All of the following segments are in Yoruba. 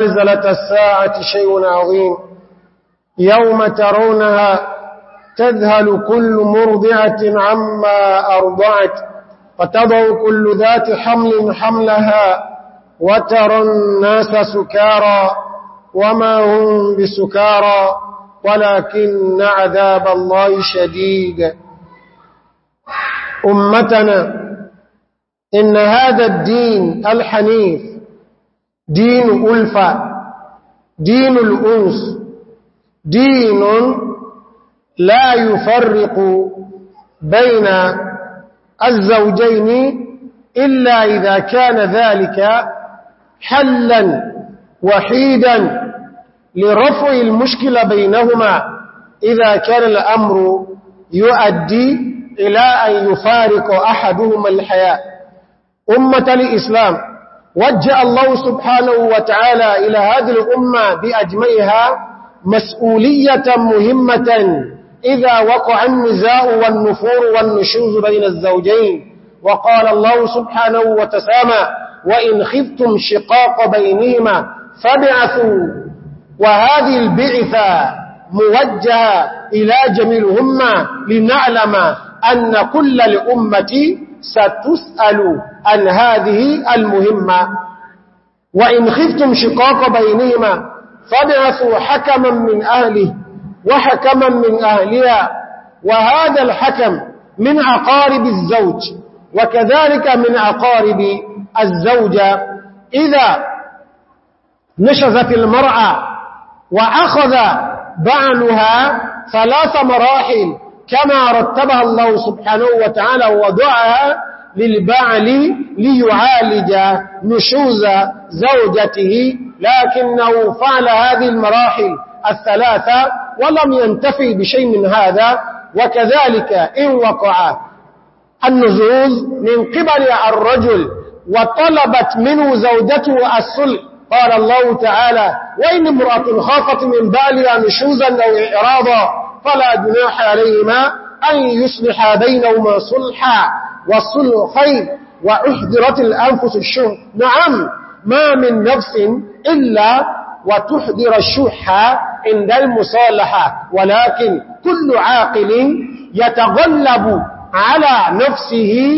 زلزلة الساعة شيء عظيم يوم ترونها تذهل كل مرضعة عما أرضعت فتضع كل ذات حمل حملها وترى الناس سكارا وما هم بسكارا ولكن عذاب الله شديد أمتنا إن هذا الدين الحنيف دين ألفة دين الأنس دين لا يفرق بين الزوجين إلا إذا كان ذلك حلا وحيدا لرفع المشكلة بينهما إذا كان الأمر يؤدي إلى أن يفارق أحدهما الحياة أمة الإسلام وجه الله سبحانه وتعالى إلى هذه الأمة بأجمعها مسؤولية مهمة إذا وقع النزاع والنفور والنشوز بين الزوجين وقال الله سبحانه وتسامى وإن خفتم شقاق بينهما فابعثوا وهذه البعثة موجهة إلى جميلهما لنعلم أن كل لأمتي ستسأل عن هذه المهمة وإن خفتم شقاق بينهما فابعثوا حكما من أهله وحكما من أهلها وهذا الحكم من أقارب الزوج وكذلك من أقارب الزوجة إذا نشزت المرأة وأخذ بعنها ثلاث مراحل كما رتبها الله سبحانه وتعالى ودعا للبعل ليعالج نشوز زوجته لكنه فعل هذه المراحل الثلاثة ولم ينتفي بشيء من هذا وكذلك إن وقع النزوز من قبل الرجل وطلبت منه زوجته السلء قال الله تعالى وإن امرأة خافت من بالها نشوزا أو إعراضا فلا جناح عليهما أن يصلح بينهما صلحا والصلحين خير وأحضرت الأنفس الشح نعم ما من نفس إلا وتحضر الشح عند المصالحة ولكن كل عاقل يتغلب على نفسه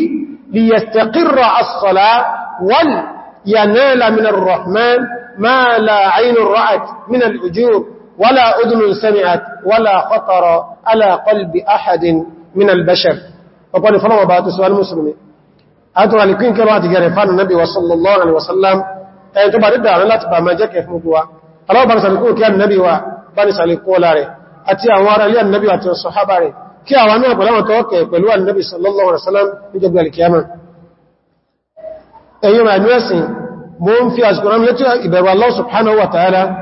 ليستقر الصلاة ولينال من الرحمن ما لا عين رأت من الأجور ولا أذن سمعت ولا خطر على قلب أحد من البشر وقال فلما بعض سؤال مسلم أدرى لكين كرات جرفان النبي صلى الله عليه وسلم أن تبع ربع على الله تبع ما جاك يفمدوا الله بارس لكون كان النبي وبارس لكون لاري أتي أنوار لي النبي وأتي الصحابة لي كي أعلمنا بلما توقع بلوى النبي صلى الله عليه وسلم يجب من. أيما أنواسي مهم في أذكرهم التي إبروا الله سبحانه وتعالى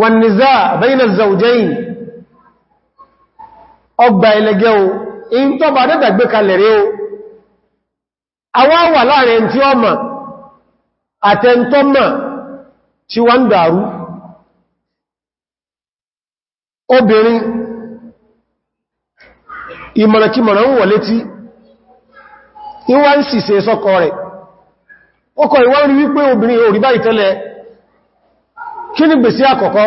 والنزاع بين الزوجين ọgbà ilẹ̀gẹ́ o in tó bá dẹ́gbẹ̀ gbé o àwọn wà láàrin tí ó mọ̀ àtẹntọ́ ma tí wọ́n dàrú obìnrin ìmọ̀rẹ̀kímọ̀rẹ̀ ń ìwọ́n ọkọ ìwọ́n rí wípé obìnrin báyìí tẹ́lẹ̀ kí ní gbèsè àkọ́kọ́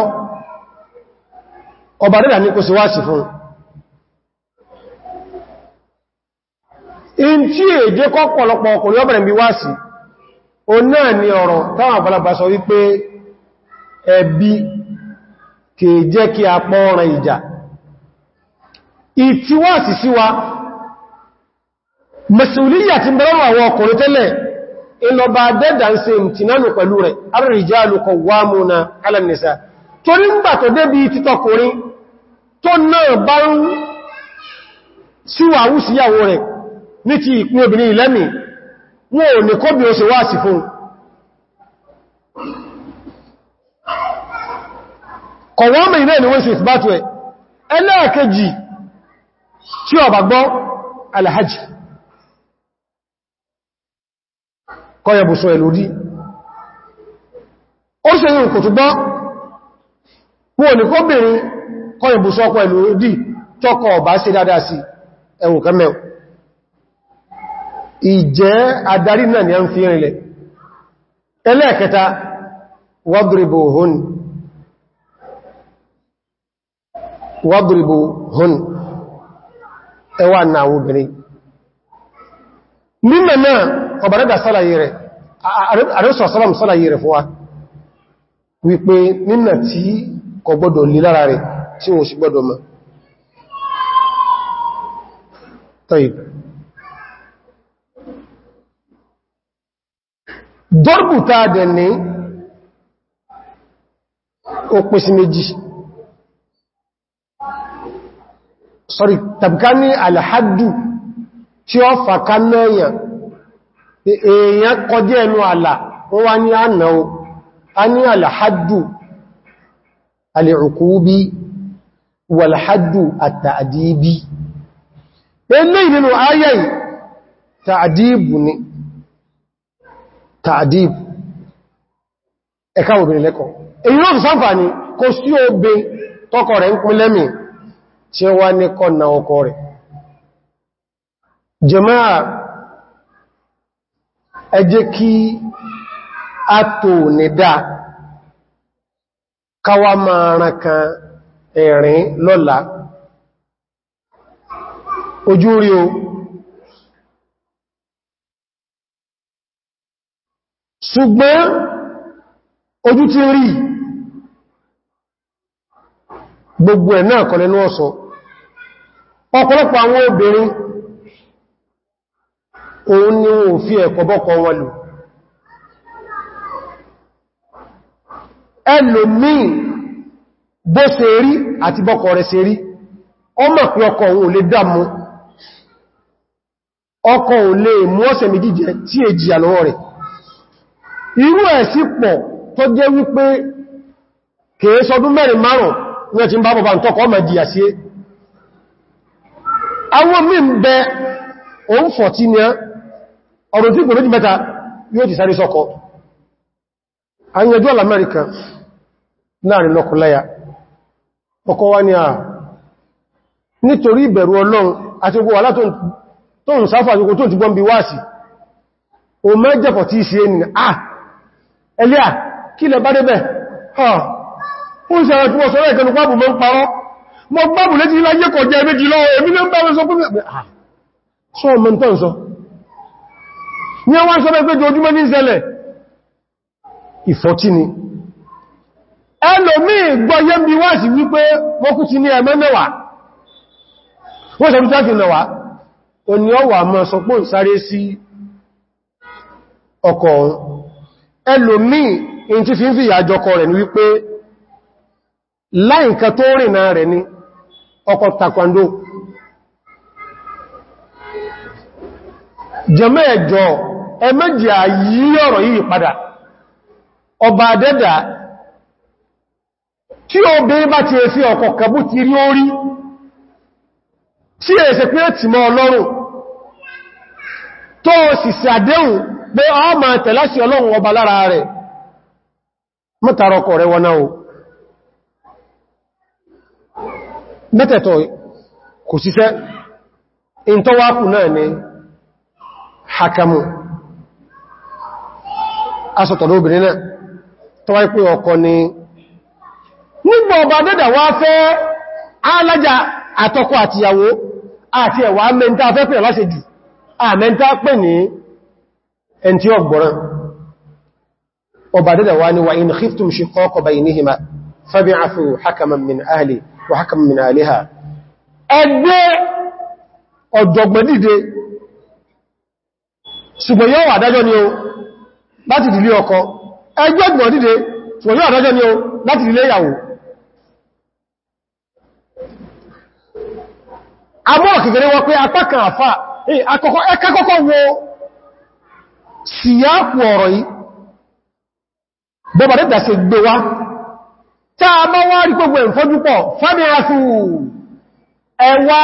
ọba rírà ní kò sí wá sí fún in tí èdè kọ́ pọ̀lọpọ̀ ọkùnrin ọbẹ̀rẹ̀ bí wá sí o náà ni ọ̀rọ̀ táwọn àgbàlagbà sọ wípé ẹbí kìí jẹ́ kí a pọ́ ọ̀rọ̀ ìjà síwá ti bẹ̀rẹ̀ àwọn ọkùnrin tẹ́lẹ̀ ìlọba dẹ́dà ń ṣe ìtìnánù pẹ̀lú rẹ̀ ar-rijalu qawwamuna 'ala nisa torí ń gbà tó débi títọkùnrin tó náà bá ń síwàwú síyàwó rẹ̀ ní ti ìpín obìnrin ìlẹ́mì wọn ò ní kóbi ó wá sí fún kọ́yẹ̀bùsọ ẹ̀lódí ó ṣe yìí kò túgbọ́ wọ́n ní kó bèèrè kọ́yẹ̀bùsọ ọkọ̀ ẹ̀lódí tọ́kọ̀ ọ̀bá sí dáadáa sí ẹ̀wùn kẹ́mẹ́ ìjẹ́ adarí náà ni a ń fi rìnlẹ̀ ẹlẹ́ẹ̀kẹta ẹwà náà obìnrin mímọ̀ náà ọ̀bàrẹ́dà sálàyé rẹ̀ àrẹ́sọ̀ sálàm sálàyé rẹ̀ fún wa wípé nínà tí kò gbọdọ̀ lè lára rẹ̀ tí wọ́n sì gbọdọ̀ mọ̀ tọ́yìí dọ́rbù táa dẹ̀ ní ó pín sí méjì sorry tàbí ká ní alhaddu tí ó fàká mẹ́yàn èèyàn kọjẹ́ ẹnu àlà wọ́n wá ní a ní alhaddu alìrùkúbí walhaddu àtàdìbí ilé ìrìnà ayayi tàdìbù ni tàdìbù ẹ̀ká obìnrin lẹ́kọ̀ọ́ èyí ló fi sáfà ní kò sí obe tọ́kọ rẹ̀ ń pín tí wá ní ọkọ rẹ̀ jama'a ẹ jẹ́ kí a tò nìdá káwa máa rankan ẹ̀rin lọ́la ojú rí o ṣùgbọ́n ojú ti rí gbogbo ẹ̀ náà kọ̀lẹ́nú ọ̀sọ̀ ọ̀pọ̀lọpọ̀ àwọn obìnrin òun ni wọn ò fi ẹ̀kọ́ bọ́kọ wọn lò ẹlòmíì bó ṣe rí àti rẹ̀ ṣe rí ọmọ pé ọkọ òun ò lè dámú ọkọ ò lè mú ọ̀sẹ̀ méjì jẹ tí è jìyà lọ́wọ́ rẹ̀ irú ẹ̀ sí pọ̀ tó jẹ́ wípé kèé sọdún mẹ́rin márùn wọ́n ti ń bá ń ọmọ sí àwọn mí ń bẹ òun fọ̀ ọ̀rọ̀ tí kò méjì mẹ́ta yóò ti sáré sọ́kọ́ àyànjú alamẹ́ríkà láàrin lọ́kùnláyà ọkọ̀ wá ní àà nítorí ìbẹ̀rù ọlọ́run àti ogun wàlá tó ń sáfà àjòkò tó ti gbọ́n bí wáàsì o mẹ́jẹ̀kọ̀ tí ìṣẹ́ ènìyàn ah ẹlẹ́à kí lẹ bá débẹ̀ ha ní àwọn sọ pé ojúmọ́ ní ìṣẹ̀lẹ̀ ìfọ́tí ni ẹlòmí gbọ́yẹ́ bí wá sí wípé mọ́kú ti ní ẹ̀mẹ́ mẹ́wàá wọ́n o ọwà mọ́ sí ọkọ̀ ẹlòmí in ti fi ń fi ìyàjọkọ rẹ̀ ní wípé láìǹkan tó rìnà rẹ̀ ni ọkọ̀ takwando ẹmẹ́jì àyí ọ̀rọ̀ yìí padà ọba dẹ́dà kí o bí bá ti èsí ọkọ̀ kàbú ti rí orí tí èsẹ̀ pé ti mọ́ ọlọ́run tó sì sàdéhùn pé ọ ma tẹ̀láṣì ọlọ́run ọba lára rẹ̀ mọ́tàrọkọ̀ rẹ̀ wọná o mẹ́tẹ̀tọ̀ kò síṣẹ́ in tọ́wákù náà hakamu asọ̀tọ̀lọ́ obìnrin náà tó wáyé pé ọkọ ni nígbà ọba dẹ́dà wá fẹ́ alájà àtọkọ àtìyàwó àti ẹ̀wà mẹ́ntá fẹ́ pè láṣẹ jù àmẹ́ntá pè ní ẹn tí ọgbọ̀rán ọba dẹ́dà wá ní wa in khiftum shiqaqa baynihima fab'athu hakaman min ahli wa láti dìlé ọkọ ẹgbẹ́ ẹgbọ̀n dìde ṣùgbọ́n yóò àdájọ́ o láti dìlé ìyàwó àmọ́ kékeré wọ́n pé apákan àfà ẹka kọ́kọ́ wo síyáàpù ọ̀rọ̀ yìí bọ́bà dẹ́dà sí gbé wá wá rí gbogbo ẹwà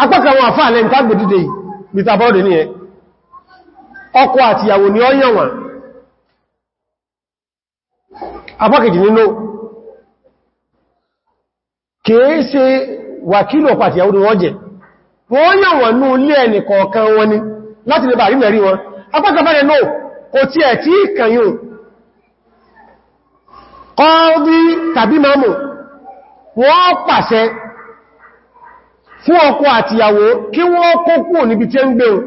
apákanwọn àfáà lẹ́n tágbò dìde bíta bọ́ọ̀dì ní ẹ ọkọ àti ìyàwó ni ọyàn wọn apákejì nínú ṣe wàkílù ọkọ àti ìyàwó ni wọ́n jẹ wọ́n yàn ní ilé ẹni kọ̀ọ̀kan wọn ni láti lè bà rí mẹ́rí wọn fún ọkọ àtìyàwó kí wọ́n kó kúrò níbi tí ó ń gbé o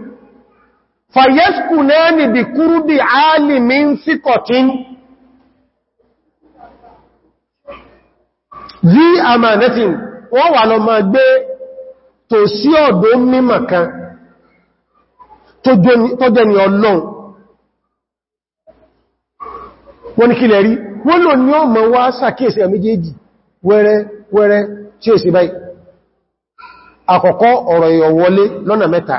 fàyẹ́sùkù náà nìbì kúrú bí áàlìmí ń síkọ̀tí rí àmànẹ́tìn wọ́n wà lọ máa gbé tò sí ọ̀dọ̀ mímọ̀ kan tó jẹni ọlọ́un wọ́n ní kílẹ̀ rí wọ́n lò ní ọmọ wá sàkíyèsí àmìjèèjì wẹ́rẹ́ wẹ́rẹ́ tí èsì báyìí àkọ́kọ́ ọ̀rọ̀ ìyọ̀ wọlé lọ́nà mẹ́ta.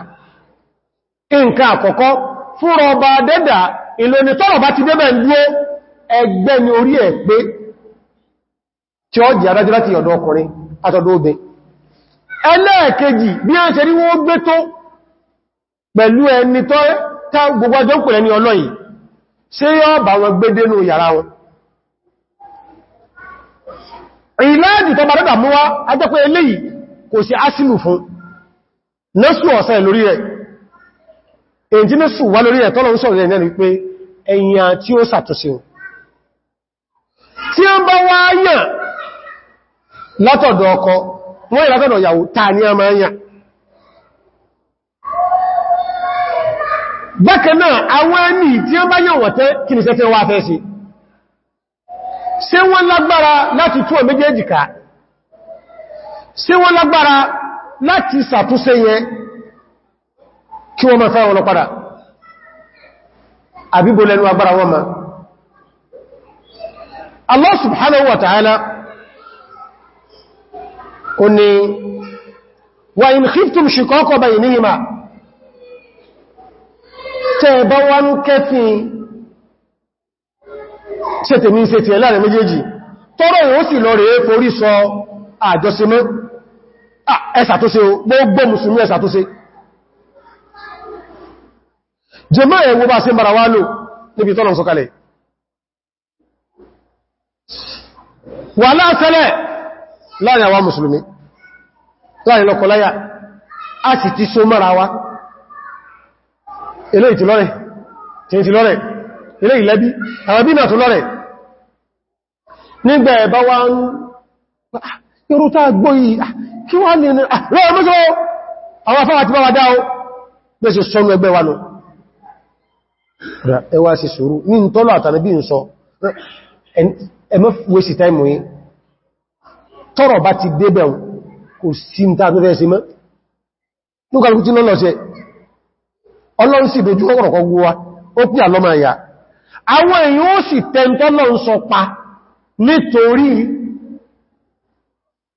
nǹkan àkọ́kọ́ fúnra ọba dẹ́dà ìlóní tọ́rọ̀ bá ti débẹ̀ dúó ẹgbẹ́ ni orí ẹ̀ pé tí ó jẹ́ láti ọ̀dọ̀ ọkùnrin àtọ̀dọ̀ obẹ ẹlẹ́ẹ̀kejì bí a kò sí asìlù fún násù ọ̀sẹ̀ lórí rẹ̀ èyí tí násù wá lórí rẹ̀ tọ́lọ ń sọ̀rọ̀ rẹ̀ ní pé ẹ̀yàn tí ó sàtúnṣe tí ó ń bá wá yàn látọ̀dọ̀ ọkọ wọ́n yìí látọ̀dọ̀ ìyàwó ta ní a máa àwọn ẹni tí ó bá yàn wọ̀tẹ́ kí ni sẹ́tẹ́ wá fẹ́ sí ṣé wọ́n lágbára láti tún ọ méjèèjì ká sí wọ́n lágbára láti ṣàtúnṣe yẹn kí wọ́n mọ̀ fẹ́ wọn padà àbíbò lẹ́nu agbára wọn ma Allah subhanahu wa ta'ala ó ní wa in khiftum shiqaqa baynihima tẹ́ bá wá ń kẹ́fin ṣe tèmi ṣe tẹ̀lá rẹ̀ méjèèjì tọ́rọ òun sì lọ rẹ̀ forí sọ àjọsímọ́ ẹsà tó ṣe o gbogbo musulmi ẹsà tó ṣe jẹmọ́ ẹ̀wọ́ bá ṣe mara wá lò níbi tọ́nà sọ́kalẹ̀ wà láàtẹ́lẹ̀ láàrin àwọn musulmi láàrin lọ́kọláyà a sì ti so mara wá ilé ìtìlọ́rẹ̀ tìntìlọ́rẹ̀ ilé ìlẹ́bí àwọn bí náà lọ́rẹ̀ nígbẹ̀ ẹ̀bá wá kí wá ní rẹ̀ ah, mọ́sọ́ àwọn afáwà ti bá wà dáa bẹ́ ṣe sọ́nù ẹgbẹ́ wa nù ẹwà sí sùúrù ní tọ́lọ̀ àtàrí bí n sọ ẹmọ́ wéṣì táìmù yí tọ́rọ̀ bá ti dé bẹ̀rún kò sí ní tàà tó fẹ́ sí mọ́ lókàlùkù tí lọ́lọ́ sí ọlọ́run sì dojú ọ̀rọ̀kọ́ wúwa ó pí àlọ́mà ìyà àwọn èèyàn ó sì tẹ́ntọ́lọ́ ń sọ pa nítorí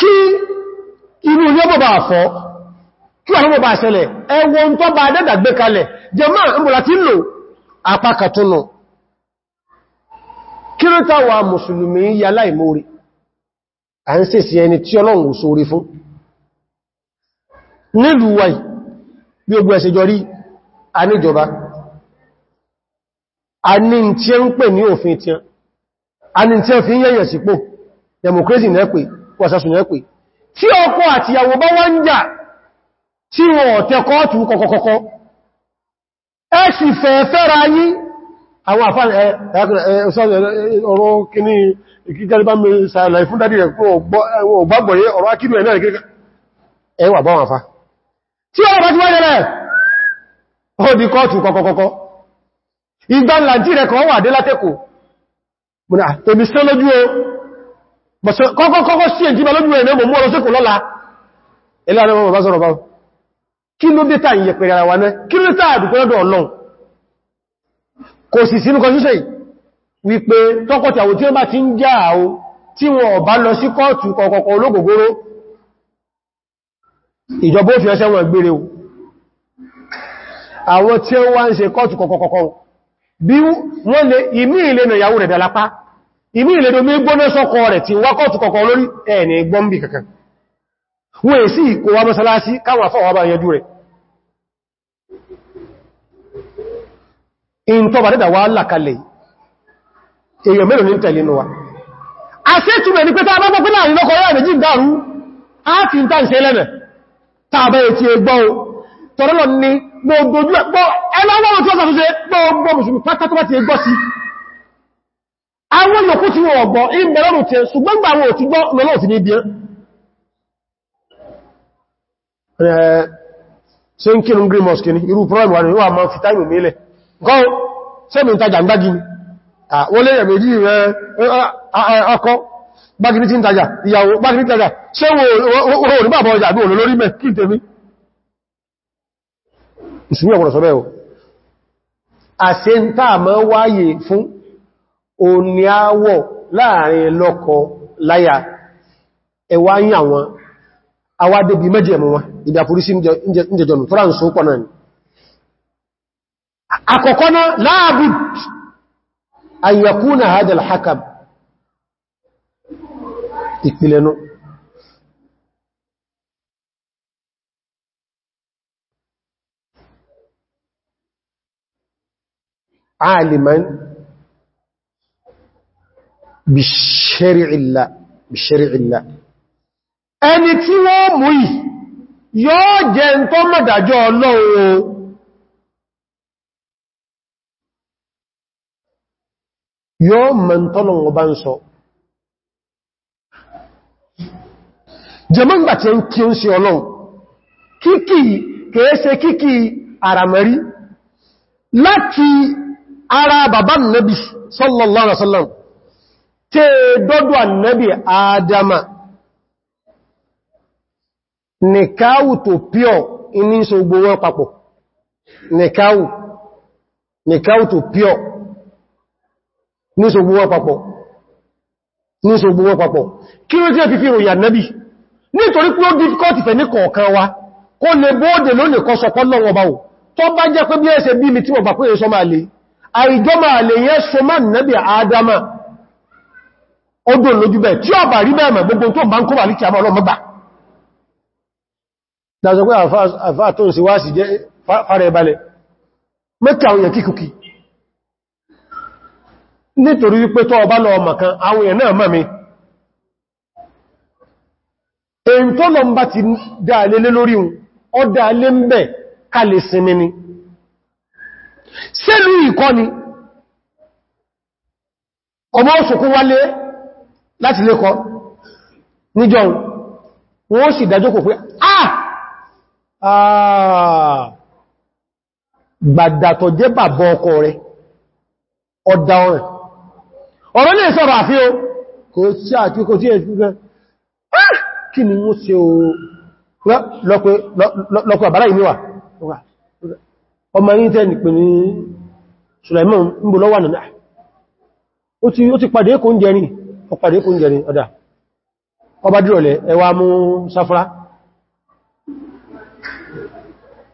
kí inú ilé bọ̀bà àfọ́ kí àwọn bọ̀bà àṣẹlẹ̀ ẹwọ ń tọ́ bá dẹ́dà gbé kalẹ̀ jẹmọ́ ìmúra tí lò àpakàtúnù kí ló táwà mùsùlùmí yà láìmórí à ń sèsì ẹni tí ọlọ́run sórí ní tí wàsásùn ẹ̀pẹ̀ tí ọkọ àti ìyàwó bá wá ń jà tí wọ́n ọ̀tẹ́ kọ́ọ̀tù kọkọkọkọ ẹ sì fẹ́ fẹ́ra yí àwọn àfáà ọ̀rọ̀ kìíní fa tí ọ̀rọ̀ bá ti wáyé rẹ̀ ó di kọ́ọ̀tù kọkọkọkọ ìgbà ńlá tí kọ́kọ́kọ́ sí èjì balójú rẹ̀ náà mọ́ ọlọ́sẹ́kù lọ́la ẹlẹ́rọ mọ́ bá sọ́rọ̀ báwọn kí ló dé tàà ìyẹ̀pẹ̀ ara wa náà kí ló tàà dùkú lọ́dọ̀ ọlọ́run kò sì sínú kọjúṣẹ́ wípé tọ́kọ̀tàwò tí ó bá ti ń já àó o àwọn tí ó wá ń ṣe kọ́ọ̀tù kọ̀kọ̀kọ̀ bí wọ́n lè ìmú ìlèdò mé gbóná sọ́kọ̀ rẹ̀ tí wákọ̀ tó kọ̀kọ̀ lórí ẹni gbọ́mbì kankan wọ́n èsì kò wá mọ́sálásí káwà fọ́wà bá yẹjú rẹ̀ in tó bá dẹ́dà wá lákalẹ̀ èyàn mẹ́rin ní tẹ̀lé wa a sí túnmẹ̀ ní pé tọ́rọlọ gbogbo ẹlọ́wọ́ tí ó gbogbo mùsùlùmí bá ti sí àwọn yòókù tí wọ́n ọ̀gbọ̀ ìbẹ̀lọ́rùn tí ṣùgbọ́n gbà àwọn òtúgbọ́ lọ́lọ́ sí ní ibi ṣe ń kírun green mosque ní irú prime wà ní wà máa fi táìmù mílẹ̀ gọ́ sẹ́mì ìtajà ń gbági wọ́n lè rẹ̀ méjì rẹ̀ ọkọ gbági tí ń tajà ìyàwó gbági tí ń tajà ṣe wọ́n wáyé fún òní àwọ̀ láàrin lọ́kọ láya ẹwà ń yà wọn awádébí mẹ́jẹ̀mú wọn ìdí àforísí ìjẹjọ̀nù tó ránsó pọ̀ náà ni àkọ́kọ́ náà láàbùd an yakuna hadha al-hakam ìpìlẹ̀nú aliman bìṣẹ́rìílá bìṣẹ́rìílá ẹni tí wọ́n mú ì yóò jẹ tó mọ̀dájọ́ ọlọ́wọ́ yóò mọ̀ tọ́lọ̀wọ́ bá ń sọ jẹmọ́ ìgbà tí ó ń kí ó ń ṣe ọlọ́run kíkì kèése kíkì àràmẹ́rí láti ara bàbá nàbí sallallahu alaihi tí dọ́dọ̀ annabi adama nìkáwù tó píọ̀ iní so gbogbo wọn papọ̀ nìkáwù nìkáwù tó píọ̀ ní so gbogbo wọn papọ̀ ní so gbogbo wọn papọ̀ kí ló jẹ́ fífí ìròyìn annabi nítorí pé ó dífíkọ́tì fẹ́ ní kọ̀ọ̀kan wa kó lè bóòdè lónìí kọ́ sọpọ́ lọ́wọ́ bá tó bá jẹ́ pé bí ẹ̀ṣẹ̀ bí mi tí wọ́n bà pé èso máa lè àìjọ́ máa lè yẹ́ so nẹ́bì adama ó dùn lójú bẹ́ẹ̀ tí ọba rí bẹ́ẹ̀ gbogbo tó bá ń kó bà ní kí a mọ́ ọlọ́mọ́gbà dájọ pé àfáà tó ń ṣe wá jẹ́ fara ẹbalẹ̀ mẹ́kà kíkùkì nítorí wípé tó ọba lọ ọmọ kan àwọn èèyàn náà mọ́ mi láti lékọ níjọ wọ́n sì kò pé ah, ah! gbàdàtọ̀ jẹ́ bàbọ̀ ọkọ rẹ̀ ọ̀rẹ̀ ọ̀rọ̀ lè sọ̀rọ̀ àfí o kò sí àti kò sí ẹ̀sùn ah! kí ni wọ́n sí o lọ́pẹ́ ìníwà ọmọ yìí tẹ́ nìpẹ̀ ní ń bò lọ́wà ah! ó ti pàdé kò ń ọpàdé kún jẹ ni ọ̀dá ọba dìrọ̀lẹ̀ ẹwà mú sáfúrá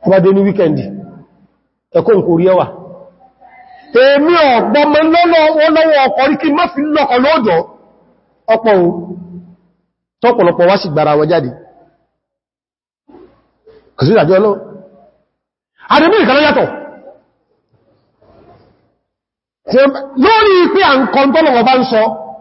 ọba dé ní wíkẹ̀ndì ẹkùn kò rí ẹwà èmi ọ̀gbọ́n mọ́ lọ́wọ́ ọkọ̀ rí kí má fi lọ́kọ̀ lọ́dọ̀ ọpọ̀ o tọ́pọ̀lọpọ̀ wá sì gbára wọn jáde kìsí lórí pé à ń kọ́ bá ń sọ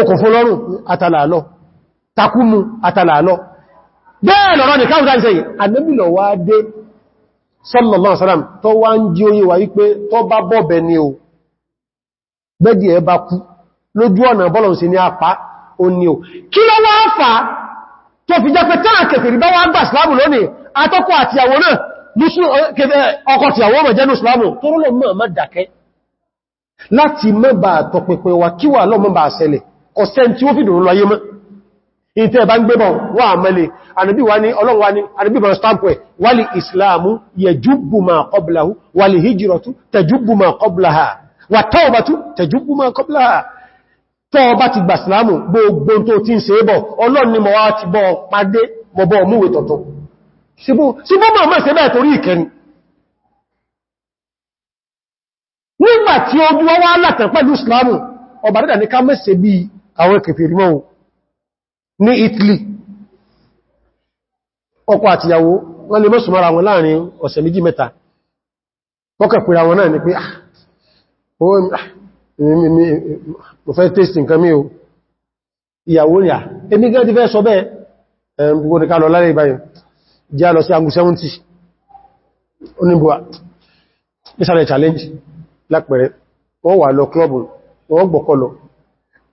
okùn fún lọ́rùn àtàlàálọ́ takúmù àtàlàálọ́ bẹ́ẹ̀ lọ́rọ̀ ní káàkiri sẹ́yìn anẹ́bìlọ̀ wá dé sallallahu alaihi wasallam tó wá ń jí oyé wà wípé tó bá bọ́bẹ̀ ni o gbẹ́dì ẹ bá kú lójú ọ̀nà bọ́lọ̀n ni o kí ló wá fà tó fi jẹ́ pé tán kèfèrí bá wá gbà ìsìlámù lónìí atọ́kọ àti àwọn náà eh, eh, ọkọ ti àwọn ọmọ jẹ́nu ìsìlámù tó láti mẹ́bàá tọpẹpẹ wa kíwà lọ́mọ́bàá ṣẹlẹ̀ ọ̀sẹ́ tí ó fi dùn lọ́yé mọ́ ìtẹ́ bá ń gbébọn wà mẹ́lẹ̀ ànàbí wà ní ọlọ́run wà ní ànàbí bọ̀rọ̀ stampo ẹ̀ wàlì ìsìláàmù yẹjúbù ma qablahu wàlì hijiratu tẹjúbù ma qablaha wà tọ́ọ̀bátú tẹjúbù ma qablaha tọ́ọ̀bá ti gbà síláàmù gbogbo tó ti ń ṣe bọ̀ ọlọ́run ni mo wá ti bọ́ àwọn kèfèrí mọ́ ní Italy ọkọ àtìyàwó wọ́n lè mọ́sùn mara wọn láàrin ọ̀sẹ̀ méjì mẹ́ta pọ́kẹ̀ pèrà wọn náà ni pé ah, ah, mo fẹ́ tẹ́sì nǹkan mí o ìyàwó rí à ah, èmi gẹ́ ti fẹ́ sọ bẹ́ẹ̀ gbogbo ní lọ lálẹ́ ìbáyìí já challenge lápẹẹrẹ wọ́n wà lọ klọ́bù wọ́n gbọ́kọ́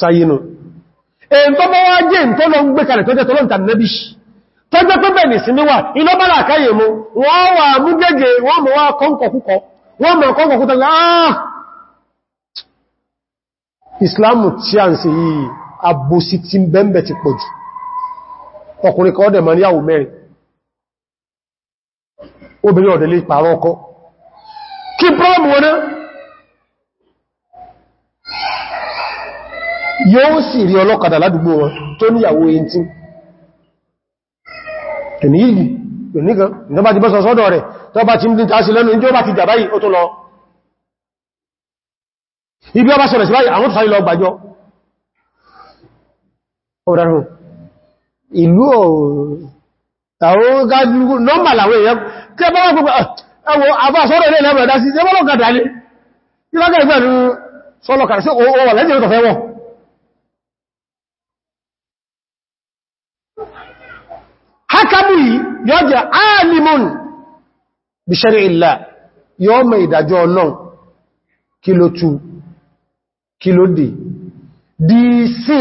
sáyínú èyí tó bọ́ wá jẹ́ tó lọ ń gbé kalẹ̀ tó jẹ́ tó lọ ń tàbí nẹ́bí tó jẹ́ tó bẹ̀rẹ̀ sí níwà iná bára káyè mú wọ́n wà mú gẹ́gẹ́ wọ́n mọ̀ wá kọ́nkọ̀kúkọ wọ́n mọ̀ kọ́nkọ̀kútọ́ ah! kí pọ́ọ̀mù wọn náà yóò sì rí ọlọ́kadà ládùgbò wọn tó níyàwó ẹntí ẹni yìí nìkan ní ọba ti bọ́ sọ́sọ́dọ̀ rẹ̀ tó bá ti ń dín tàásí lẹ́nu ní ọba ti jà báyìí ó tó lọ ibi ọba sọ̀rẹ̀ sí báyìí àwọn tó sáré lọ gbàjọ ìlú àwọn gáàdùgbò nọ́mbà làwọn èèyàn tẹ́ bá wọ́n gbogbo ẹwọ afásọ́rọ̀ ilé ìlẹ́bẹ̀ẹ́dá sí yìí yóò jẹ́ alimun bí ṣẹ́rí ìlà yóò mọ̀ ìdájọ́ kí tú kí ló dì sí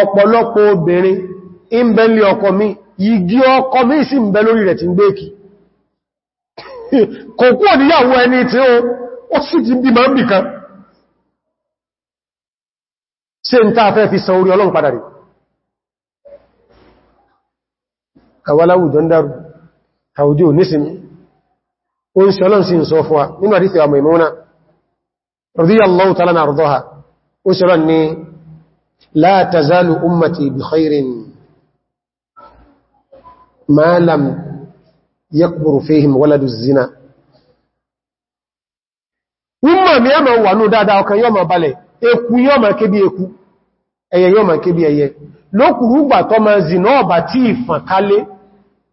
ọ̀pọ̀lọpọ̀ obìnrin in ọkọ mi yìí ọkọ mi sì ń lórí rẹ̀ ti ń àwọ́láwùjọ ń dárù àwùjọ nísìnyí ó ń ṣọ́lọ́n sí sọ fún wa nínú àdífẹ́ àmà ìmọ́nà radiyallahu ta'ala na rọ̀dọ́ha ó ṣọ́lọ́n ni la tazalu ummati bi khairin ma lam yakburu fihim waladu zina umma mi yama wà ní dáadáa ọkàn yọ́ ma balẹ̀ eku yọ́ ma kébi eku ẹyẹ yọ́ ma kébi ẹyẹ lókùrúgbà tọ́ ma zina ọba tí ìfànkálé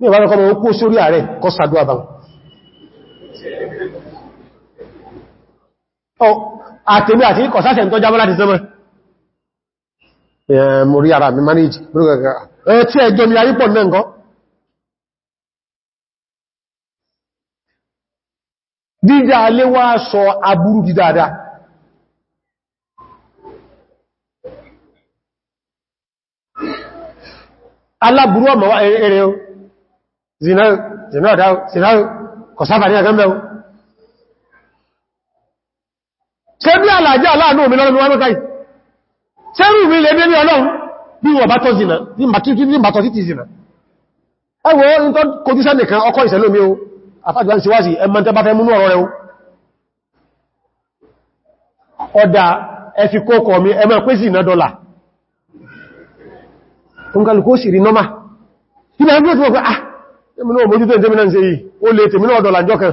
ní ìwà ọkọ̀ ọmọ ó sórí ààrẹ kọ́ sàdúwà bá àtèmí àti ikọ̀ sáṣẹ̀ tó jábọ́ láti sẹ́mọ̀ mo rí ara mi manage tí ẹjọ́ mi ayípọ̀ náà nǹkan dídá alé sọ aburú dídáadá aláburú ọmọ wa o zina zina ọ̀dá zina kò sáfà ní àgán ala ṣe bí àlàjá aláàánú omi lọ́rọ̀ níwọ́n mẹ́ta yìí ṣe rú mi lè ní zina ní bàtọ̀ zina ẹwọ́ tó kojú sẹ́ nìkan ọkọ̀ ìṣẹ́lómi o o ọ̀dà mi zina ah èmi náà mójútó ìjẹ́mi náà ń ṣe yìí ó lè tèmi náà ọ̀dọ̀ làjọ́ kan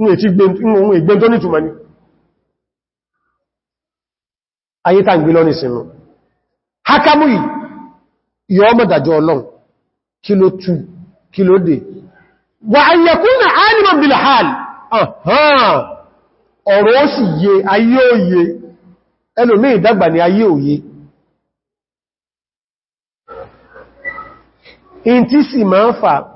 ní ètí ìgbẹ́ tó ní ní ayé ń gbé lọ́nà ìsinmi hakamu yọ mọ̀dàjọ́ ọlọ́run kí ló tú kí ló dé wà ayyakuna aliman bil hal ọ̀rọ̀ ó sì yé ayé òye ẹlòmí ìdàgbà ní ayé òye in sì máa ń fà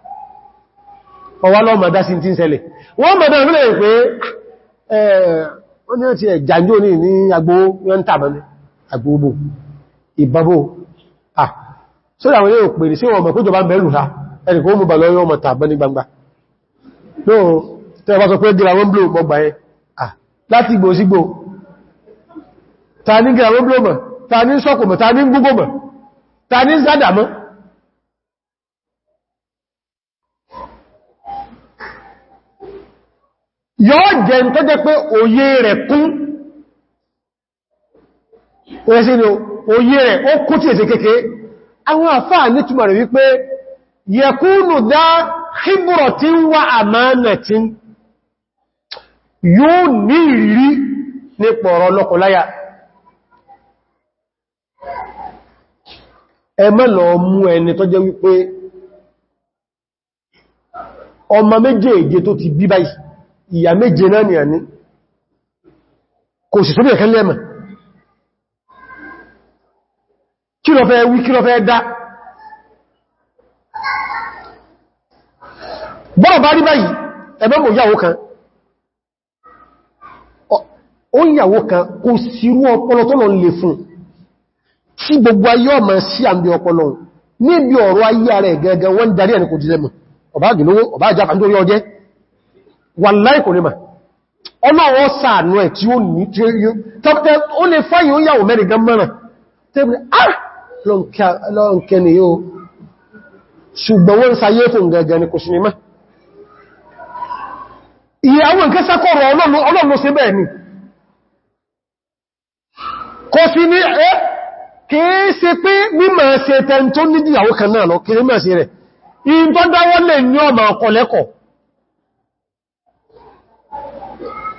ọwá lọ mọ̀ dá sí tí ń ṣẹlẹ̀ wọ́n mọ̀ dáa mílẹ̀ pé ọ́nà ah, eh, ti ẹ̀jànjò ní ní agbó yọ́n tàbí agbóbò ìbábò ah so àwọn yóò pè ní sí wọn mọ̀ kó jọba mẹ́lù ha ẹni kó mú bà lọ́yọ́ mọ̀ tàbí no tẹ́ bá sọ pé gíra wọ́n ah láti gbò sígbò ta ní gíra wọ́n blò mọ̀ ta ní sọ́kò yóò jẹ tó jẹ pé òye rẹ̀ kún òye rẹ̀ ó kú tí èsì kéèké àwọn àfáà ní túnmà rẹ̀ wípé yẹkúnù dá ṣíbùrọ̀ tí ń wá àmánà tí yóò ní ìrí ní pọ̀rọ̀ lọ́kọ̀láyà ìyà méje náà ni àní kò sì tó bí ẹ̀kẹ́ lẹ́mà kí lọ fẹ́ wí kí lọ fẹ́ dá bọ́ọ̀ bá rí báyìí ẹ̀bẹ́ mọ̀ yàwó kan ó yàwó kan kò sírú ọpọlọ tó lọ lè fún tí gbogbo ayé ọmọ sí àmì ọpọlọ níbi ọ̀rọ̀ ayé wọ́n darí ẹni kò ọ̀bá ọ̀bá wàláì kò ní ma ọlọ́wọ́ sàánú ẹ̀ tí ó ní tí ó lè fáyí ó yàwó mẹ́rin gan mẹ́rin tẹ́bí ah yóò ṣùgbọ́n wọ́n sáyé fún gẹ̀gẹ̀ ni kò sí níma iye àwọn nǹkan sákọ̀rọ̀ ọlọ́run ni kò ṣe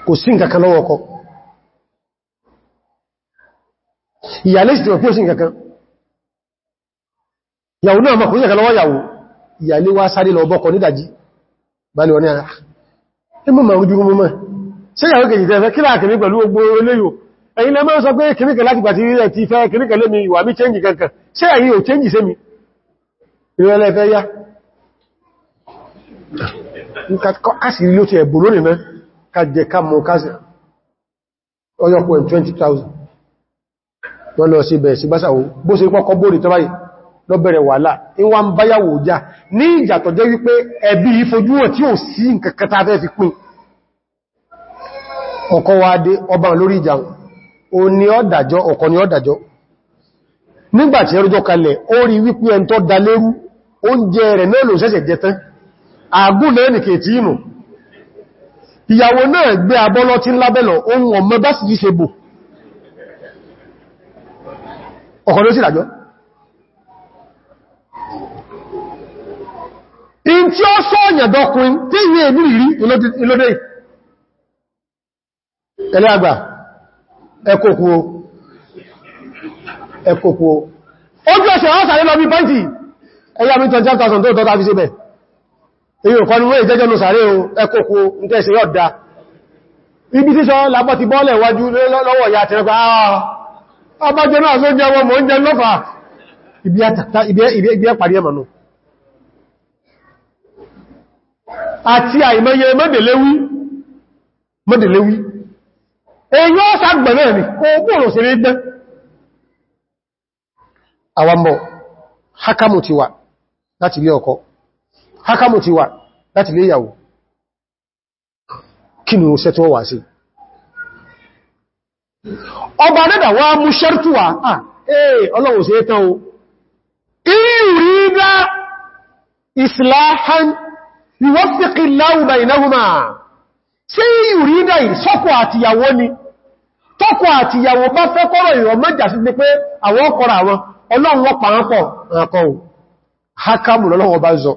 kò sí nǹkan kan lọ́wọ́ ọkọ ìyàlẹ́ ìsìtìmọ̀ pí ó sí nǹkan kan yàwó náà mọ̀ kò sí nǹkan lọ́wọ́ yàwó ìyàlẹ́ wá sáré lọ bọ́kọ nídàjí bá ní wọn ẹ̀yìn lẹ́mọ́ sọ pé kìníkà láti gbàtí rẹ̀ ti mi change kankan ṣe ẹ̀yìn ò change mi ìrẹ́lẹ́fẹ́ yá nǹkan kọ́ á sì rí ló ti ẹ̀bùn lónìí mẹ́ kájẹ ká mọ káṣì ọyọ́pọ̀ 20,000 wọ́n sí bẹ̀rẹ̀ sí gbásàwó bó ṣe pọ́kọ́ bóòrì tó báyìí lọ bẹ̀rẹ̀ wàhálà báyàwó já ní ìjà wípé ẹbí ìfojú wọn tí sí nkẹkẹta pín ọkọ wa dé ọba lórí ìjà ó ní ọ̀dàjọ́ ìyàwó náà gbé abọ́lọ́ tí ń lábẹ́lọ ohun ọmọ bá sì ṣe bò ọ̀kan ló sì ràjọ́ in tí ó sọ ọ̀yàndọ́kùnrin tí ìyẹ ìlú ìrí ìlódé ẹ̀lẹ́ àgbà ẹkòkò ojú ẹ̀ṣẹ̀ wọ́n pẹ́ntì ẹ̀yà mi 20,000 tó tọ́ta fi ṣe bẹ̀ẹ̀ èyí ò kọlu wéè jẹ́jẹ́ lóṣàrí ẹkòkò ǹtẹ́sì yọ́ da ibi tí sọ lápọ̀ ti bọ́ọ̀lẹ̀ wájú lọ́wọ́ ìyá àti ẹgbà ọbájẹ́ náà tó jẹ́ wọ́n mọ̀ ń jẹ lọ́fà ibi ẹpàrí ẹmọ̀nù àti àìmọye mọ́dẹ̀lẹ́wí mọ́dẹ̀lẹ́wí èyí ó sàgbẹ̀rẹ̀ ni hákàmù ti wa láti lé na kí ni oṣẹ́ tí wọ́n wà sí ọba dẹ́dà wá mú ṣẹ́rtù ah ee ọlọ́wọ̀ sí ẹ́tàn o ìrìnrìnà ìsìláhán ìwọ́fẹ́kì láwùdà ìnáhùnmá sí ìrìnrìnà ìsọ́kọ ni tọ́kọ àtìyàwó bá fẹ́ kọ́rọ̀ ìrọ̀mọ́jà sí pé àwọn ọkọ̀rọ̀ àwọn ọlọ́run wọ́pàá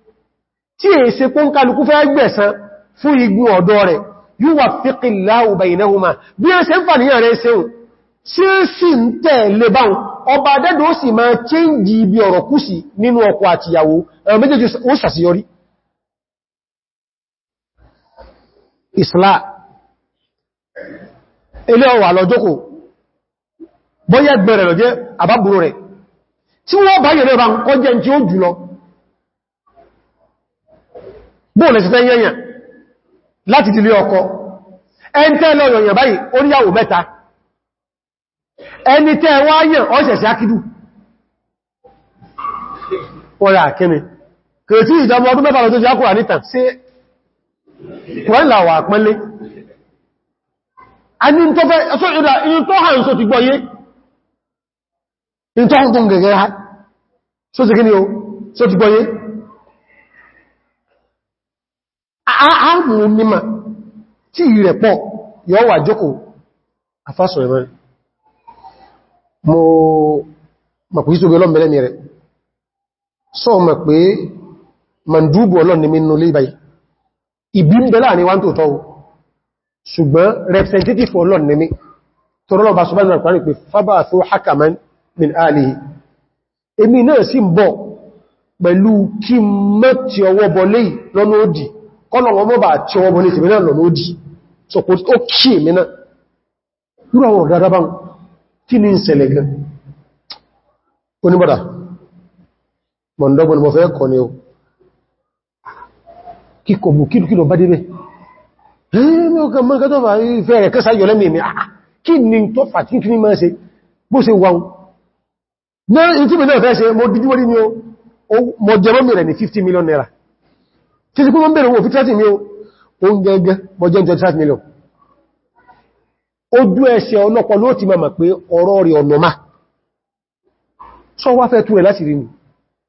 tí è se pọ́n kálukú fẹ́ gbẹ̀san fún igun ọ̀dọ́ rẹ̀ yuwaffiqillahu baynahuma bí i ṣe ń fà níyàn rẹ̀ ṣeun sí sí ń tẹ̀ lè báun ọba dẹ́dọ̀ ó sì máa chéǹjì ibi ọ̀rọ̀ kú nínú ọkọ àtìyàwó ẹ̀rọ méjèèjì ó isla ilé ọwà lọ́jọ́kò bọ́yẹ̀ gbẹ̀rẹ̀ lọ́jẹ́ àbábúrò rẹ̀ tí bóòlù sí fẹ́ lati láti dìlé ọkọ ẹni tẹ́ lọ yọ̀nyàn báyìí oríyàwó mẹ́ta ẹni tẹ́ wá yàn akidu akídù ọ̀rẹ́ àkẹ́mi kìrìtí ìjọba ọdún mẹ́fà lọ́tọ́ jákùrà a ní tó fẹ́ ha ti ààmù onímọ̀ tí rẹ̀ pọ̀ yọ wà jókò àfásọ ẹ̀mọ́ mo mọ̀kùsí tó gbé ọlọ́m̀bẹ̀lẹ́mì rẹ̀ sọ mọ̀ pé mọ̀ndúgbò ọlọ́ni mínú lébàí ìbí ń bẹ́lá ní wá ń tó tọ́wọ́ ṣùgbọ́n representative ọlọ́ni mi tọ́rọlọ́bà sọ bá hakaman min alihi èmi náà sì ń bọ̀ pẹ̀lú kí mọ́ ti lọ́nà òdì kọ́lọ̀wọ́ mọ́ bá tí ọmọ ní tèmi náà lọ lódí so kò ó kí èmi náà lúrọ̀ àwọn ọ̀dá dábá kí ní ìṣẹ̀lẹ̀ gan oníbọ̀dá mọ̀ndọ́gbọ̀n ni mo fẹ́ kọ́ ni o kíkọ̀ mú kílùkílù bá débẹ̀ ah, ah, mo jẹ́ mọ́mí rẹ̀ ní 50 million naira kí sí kú wọ́n bèèrè owó fi 30 million oún gẹ́gẹ́ bọ́jẹ́ 25 million ojú ẹsẹ̀ ọlọ́pọ̀ ló ti máa pé ọ̀rọ̀ rí ọ̀nà máa sọ wá fẹ́ tú rẹ̀ láti rí ni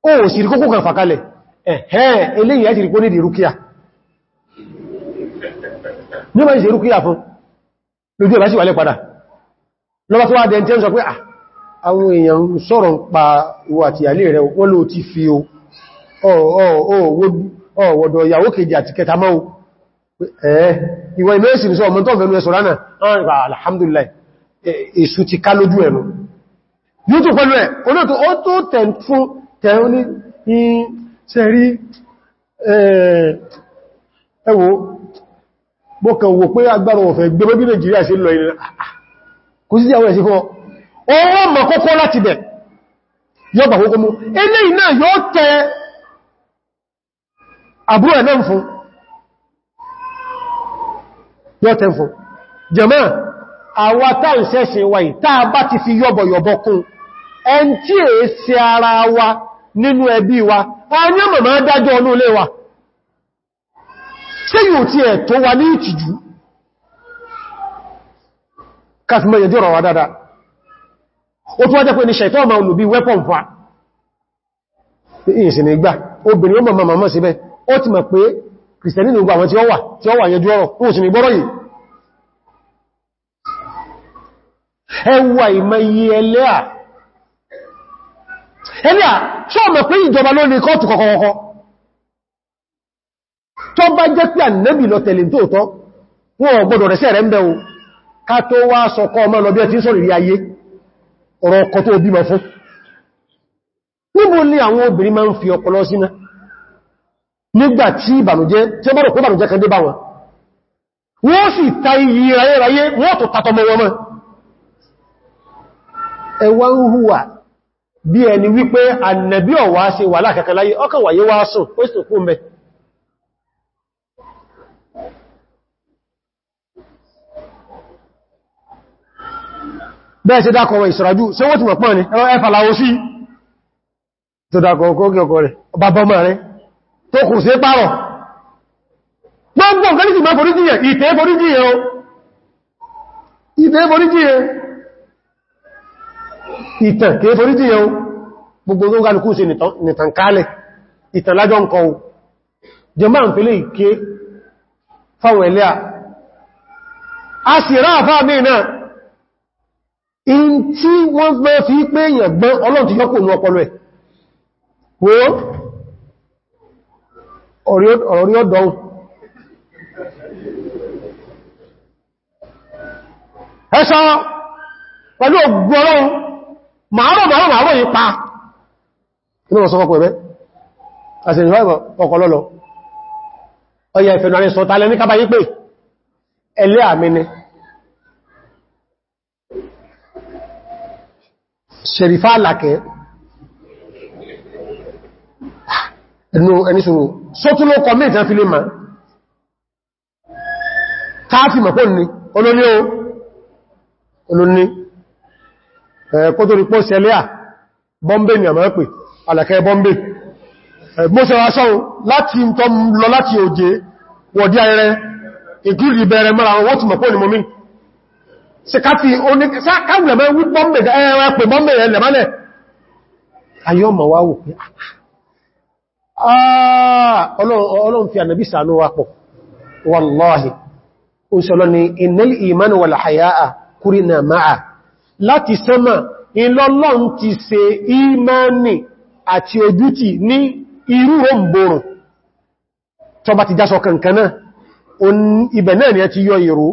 ó sì rí kókó kan fàkalẹ̀ ẹ̀hẹ́ eléyìí ẹ̀ ti rí kó nídi rúkíà ọ̀wọ̀dọ̀ ìyàwó kejì àti kẹta mọ́ ìwọ̀n ilé ìsìn sọ ọmọ tó fẹ́nu ẹ̀sọ̀ ránà alhamdulillah èṣù ti ká lójú ẹ̀nu yóò tó pẹ̀lú ẹ̀ olóòtú ó tó tẹ̀ntún tẹ̀hún ní sẹ́rí ẹwọ bọ́kàn wò pé agbára ọ̀fẹ́ gbẹ́mẹ́ bí Nàìjíríà sí lọ ilẹ̀ kò sí ìyàwó ẹ̀sìn fún ọ àbúrò ẹ̀ fún yọ́ tẹ́ fún jẹ́mọ́ àwa táà wáyé táà bá ti fi yọ́bọ̀yọ̀bọ̀ kún ẹn tí è ara wa nínú ẹbí wa ọ̀nyẹ́ mọ̀ máa dájọ́ ọnú ilé wa wa ní ìtìjú kásìmọ̀ yẹ̀ jọ́rọ̀ wa dáadáa ó ti mọ̀ pé kìrìsìtẹ̀ní ní gbogbo àwọn tí ó wà tí ó wà yẹjú ọ̀rọ̀ ó sì ní gbọ́rọ̀ yìí ẹwà ìmọ̀yí ẹlẹ́à ẹlẹ́à tí ó mọ̀ pé ìjọba ló ní kọ́ọ̀tù kọ̀kọ̀kọ́ tó bá jẹ́ pé ànẹ́bì lọ àwọn obìnrin máa ń fi ọpọlọ nígbàtí ìbànújẹ́ tí ó bá rọ̀kú ìbànújẹ́ kan dé bá wọn wọ́n sì ta iyì rayéráyé wọ́n tó tatọmọ wọn mọ́ ẹwà ń hùwà bí ẹni wípé ànàbí ọ̀wá ṣe wà lákàkà láyé ọkàn wá sùn ó sì kú mẹ́ bẹ́ẹ̀ sí dákọ̀ ìsọ̀rájú sí wọ́n ti mọ̀ pọ̀ ní ẹfà tó kù sí pààrọ̀ gbogbo nǹkan ní ti máa forí jíyẹ ìtẹ́ forí jíyẹ o ìtẹ́ forí jíyẹ ìtẹ́ forí jíyẹ o gbogbo tó gálùkú sí nìtànkálẹ̀ ìtànlájọ́ nǹkan a sì rá àfáà in tí wọ́n fi pé èèyàn gbọ́n ọ̀rọ̀ rí ọ̀dọ̀ ẹ̀ṣọ́ pẹ̀lú ògbọ́rọ̀ màárọ̀ màárọ̀ màárọ̀ yìí pa inú ọ̀sọ́ fọ́kọ̀ ẹ̀bẹ́ àti ìwọ̀ ọ̀kọ̀lọ́lọ́ ọya ìfẹ̀nà rẹ̀ sọ tààlẹ́ ní kábáyé pé ẹlẹ́ àmìnẹ ṣerifá àlàkẹ́ ẹnu ẹnisòrò sótúlò kọmí ìtàn fi lè máa káàfì mọ̀kún ní olóní o olóní ẹ̀kọ́ tó rí pọ́ sẹlẹ́à bọ́m̀bé ni àmọ́ pè alàkẹ́ bọ́m̀bé mọ́sẹ̀wà sọ́run láti tọ́ lọ láti òjé wọ̀dí ayẹrẹ ìkúrì bẹ̀rẹ̀ mọ́ra wọ́n ti mọ̀kún ní mọ́mí se káfí oníkẹ́ Ah, ọlọ́run fi ànàbí sànú wa pọ̀ wallahi o ni inal imanu wal haya'a kúrìnà máa láti sánmà ìlọ́lọ́run ti ṣe imani àti ojúti ní irú òǹbòrùn tọba ti sọ kankaná ibẹ̀ náà ni ẹ ti yọ ìró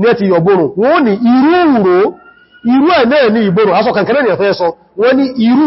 ní ẹ ti yọ bòrùn wọ́n ni irú ìró irú ẹ̀ náà ni ìbòrùn sọ wọ́n ni irú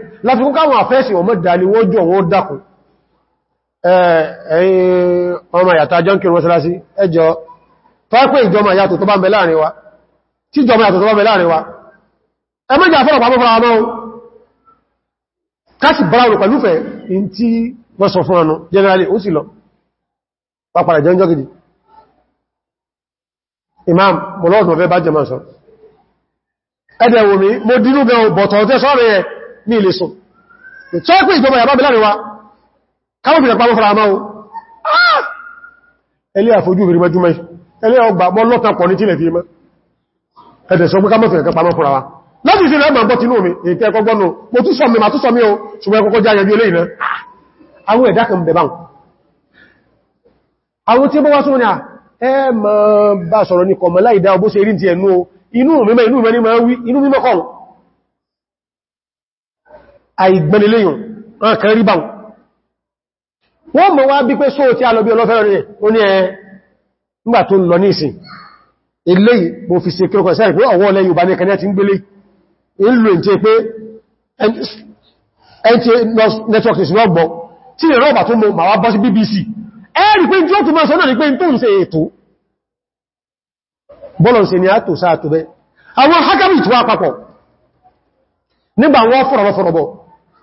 láti kún káwọn àfẹ́sì ọmọ ìdàlẹ̀ wọ́n jọ wọ́n dákùn ẹ̀yìn ọmọ ìyàtà jọ ń kírun mọ́sálásí ẹjọ́ tọ́pẹ́ ìjọmọ̀ ìyàtọ̀ tó bá ń bẹ láàrin generally ó sì lọ pàpàrà imam mọ́lọ́ọ̀dún ọ̀fẹ́ bá jẹ mo dínú gan bọ̀tọ̀ ọ̀tẹ́ sọ́rọ̀ yẹ ní ilé sùn tó ẹ́kù ìjọba ìyàbá bí láàrin wa káwọn bìnà pàmọ́ fara máa ah! ẹlé àfojú ìrìnmọ́ jùmọ́ ẹlé ọgbà mọ́ lọ́tàpọ̀ ní tílẹ̀ fíìmọ́ ẹ̀dẹ̀ sọ pé ká mọ́fẹ̀ ẹ̀kẹ́ pàmọ́ fara wa láti sí lẹ́gbà bọ́ tínú mi ètẹ́ ẹkọ́ gbọ́nù mo tún sọ mi ma tún sọ mi o ah! ni à ẹ mọ́ bá sọ̀rọ̀ ní kọ̀mọ́ láìdá ọbó ṣe rí ti ẹnu inú àìgbẹ̀lẹ̀lẹ́yìn wọ́n kan rí báun wọ́n mọ̀ wá bí pé só tí a lọ bí ọlọ́fẹ́ rẹ̀ ó ní ẹ nígbà tó ń lọ ní ìsìn ilé mo fi se kírókọ̀ sẹ́rì pé ọwọ́ lẹ́yìn ọba ní ẹkẹ́ ti ń gbélé ìlú ẹ̀ network is not gbọ́ tí BBC nígbà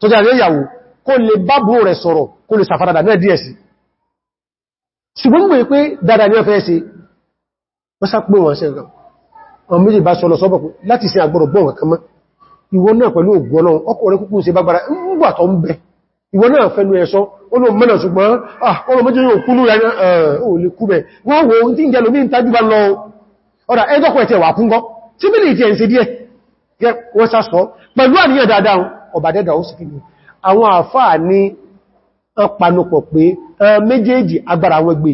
tó jẹ́ àrẹ ìyàwó kó lè bábú rẹ̀ sọ̀rọ̀ kó lè sàfaradà náà díẹ̀ sí ṣùgbọ́n mú pé dada ní ọ̀fẹ́ ṣe wọ́n sá pé wọ́n ṣe nǹkan ọmọ méjì bá sọ́lọ sọ́bọ̀ láti sin àgbọ̀rọ̀ gbọ́n kan mọ́ ìwọ náà pẹ̀lú ògbọ́n náà ọkọ̀ rẹ̀ kúkú ṣe bágbára ńgbà tó ń bẹ ìwọ náà fẹ́nu ẹ̀ṣọ́ olóòmọ́nà ṣùgbọ́n olóòmọ́jọ́ ah, yóò kú lóra ò lè kú bẹ̀ wọ́n wo ohun tí ń jẹ́ lómi pẹ̀lú àníyàn dáadáa ọba dẹ́dà ó sì àwọn àfáà ní ọpanupọ̀ pé méjèèjì agbára wọn gbé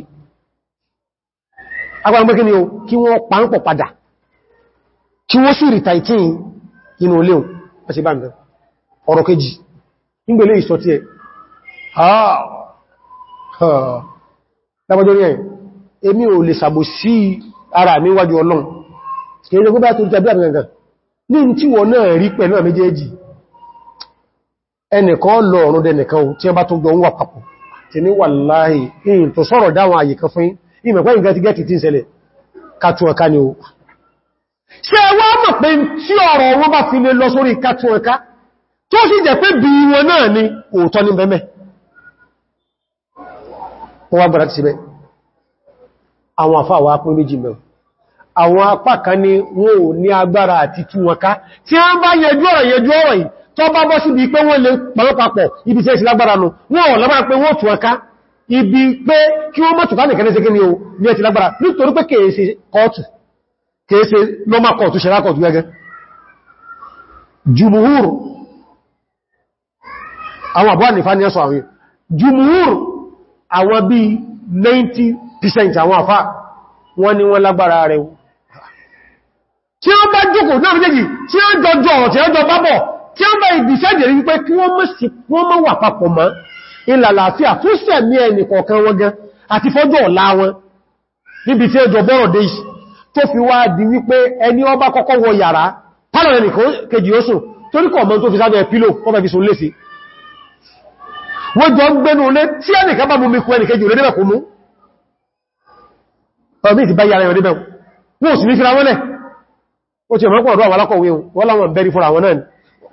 agbára wọn gbé kí ni o kí wọ́n padà kí wọ́n sì inú olé ọ̀rọ̀ kejì nígbèlé èmi ò lè sàbò sí ara mi wájú ọlọ́run tí náà rí pẹ̀lú ẹnìkan lọ ọ̀run dẹnìkan tí wọ́n bá tó jọ ń wà papọ̀ tí ní wà láàáyì ìyìn tó sọ́rọ̀ dáwọn àyè kan fún ìmẹ̀kọ́ ìgbẹ́ ti tí ń ṣẹlẹ̀ ni ṣe wá mọ̀ pé tí bá fi lọ sórí tó àwọn ni wọn ò ní agbára bá yẹjú ọ̀rọ̀ yẹjú ọ̀rọ̀ yìí tó bá bọ́ síbi pé wọ́n lè pàlọ́pàpọ̀ ibi sẹ́ẹ̀sì lágbára nù wọ́n lọ́bàá pé wọ́n tún ẹka ibi pé kí wọ́n mọ́tù káàkiri kẹ́lẹ́sẹ́ kí ni o ní ẹ̀tì lágbára nítorí pé kèèsè kọ́ọ̀tù kèèsè lọ́mà kọ́ọ̀tù ṣẹlá kọ́ọ̀tù gẹ́gẹ́ jùmùhúrù àwọn àbúwà nìfà ní ẹ̀sọ̀ àwẹ̀ jùmùhúrù àwọn ni wọ́n lágbára rẹ̀ tí wọ́n bá jókòó náà méjèèjì tí wọ́n jọjọ́ tí wọ́n jọ bábọ̀ tí ó bá ìdìsẹ́jẹ̀ wípé kí wọ́n mọ́ sí wọ́n mọ́ wà papọ̀ mọ́ ìlàlàáfíà fún sẹ̀mí ẹni kọ̀ọ̀kan wọn gan àti fọ́jọ́ ọ̀la wọn níbi tí ẹjọ bọ́rọ̀ dé tó fi wá di wípé ẹni ó bá kọ́kọ́ wọ yàrá pálọ̀ ẹni kejì ó sùn torí kọ̀ mọ́ tó fi sábẹ̀ pílò wọ́n bẹ̀ fi sùn léṣe wọ́n jọ ń gbénu lé tí ẹnìkan bá mú mi kú ẹnìkejì ò lé débẹ̀ kú mú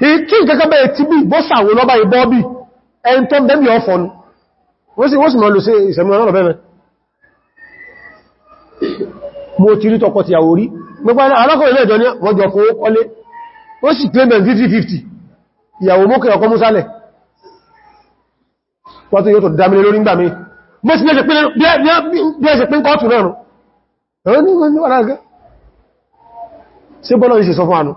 kí nǹkan bẹ́ẹ̀ tí bí bọ́sàwò lọ́bá ìbọ́bí ẹn tó bẹ́bí ọ̀fọ́nù wọ́n sì wọ́n sì mọ́ lò sí ìsẹ̀mú ọ̀nà bẹ́ẹ̀ mo ti rí tọkọ tìyàwó rí gbogbo alákọ̀ọ́ ilẹ̀ ìjọ ní wọ́n jọ fún ọlé wọ́n sì claim 50-50 ìyàwó mókè ọkọ músálẹ̀ wọ́n tó yóò tó dámi lórí gbàmí mo sì bí ẹsẹ̀ pín kọ́ọ̀tù náà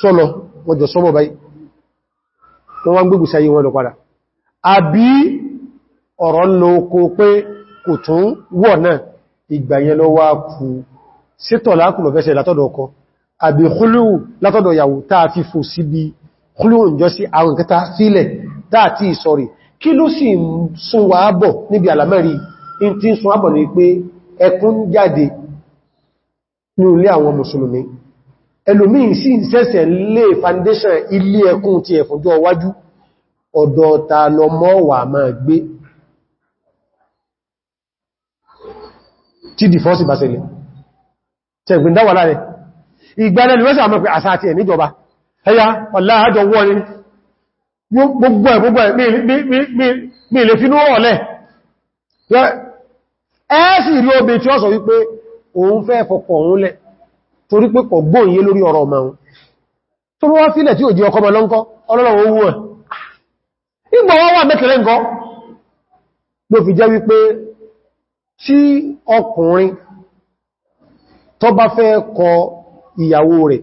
sọ́lọ wọ́n jọ sọ́bọ̀ báyìí wọ́n wá ń gbégbèsí ayé wọn lọ padà àbí ọ̀rọ̀ lọ kó pé kò tún wọ̀ náà ìgbà yẹn lọ wá kú sétọ̀ lákùnlọ fẹ́sẹ̀ látọ̀dọ̀ ọkọ àbí khuluu látọ̀dọ̀ ìyàwó táà fi fò síbi khuluu ń jọ sí àwọn ìkẹta ẹlòmíì sí ìṣẹ́sẹ̀ lè foundation ilé ẹkùn ti ẹ̀fùnjọ́ wájú ọ̀dọ̀ ta lọ mọ́ wà máa gbé tí dìfọ́sì bá ṣẹlẹ̀ tẹ̀gbìn dáwà láàrẹ ìgbẹ́lẹ̀lúwẹ́sẹ̀ àmọ́ pé àṣà àti ẹ̀ níjọba ẹya ọ̀láàjọ wọ́n ni gbogbo ẹ̀ gbogbo ẹ̀ mi lè fi núrọ̀ ọ̀lẹ̀ ẹ́ẹ̀sì ìlú obè tí ó torí pé pọ̀ gbóòyé lórí ọ̀rọ̀ ọmọ wọn tó mọ́ sílẹ̀ tí ò jí ọkọ̀ mọ́lọ́nkọ́ ọlọ́lọ́wọ́ owó ẹ̀ ìgbà wọ́n wà mẹ́kẹ̀rẹ́ ǹkan ló fi jẹ́ wípé tí ọkùnrin tó bá fẹ́ kọ ìyàwó rẹ̀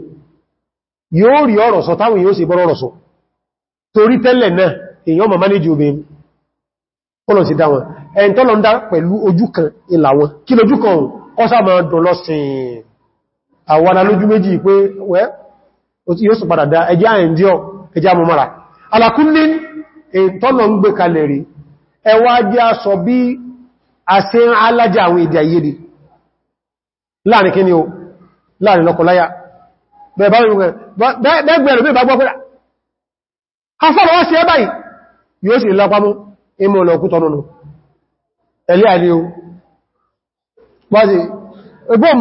yóò rí ọ̀rọ̀ sọ táwọn yóò sì bọ́rọ̀ ọ̀rọ̀ sọ torí tẹ́lẹ̀ náà èèyàn mọ̀ mánéjì obìnrin ọsá máa dùn lọ́sìn àwọn alójú méjì pé wẹ́ yóò sì padà dá ẹjá ẹ̀ndíọ̀ ẹjá mọ́mọ́ra alákúnlé ìtọ́nà ń gbé kalẹ̀ rí ẹwà jẹ́ aṣọ bí a ṣe ń alájà àwọn èdè àìyedè láàrin kí ni o láàrin lọ́kọláya bẹ̀rẹ̀ bá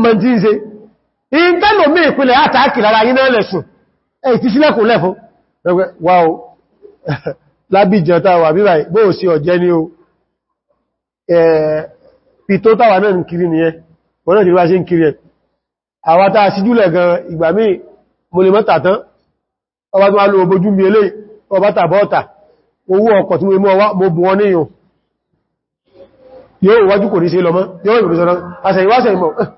ẹgbẹ́ ìntẹ́lò mí ìpínlẹ̀ àtàkì lára yínà lẹ́sùn èyí ti sílẹ̀kùn lẹ́fún ẹgbẹ́ wáò lábíjẹ tàwà bíbà bóò sí ọ̀jẹ́ ní o pìtó tàwà náà ń kiri nìyẹn wọ́n kiri gan igba mo yóò wájú kò ní lọ mọ́ yóò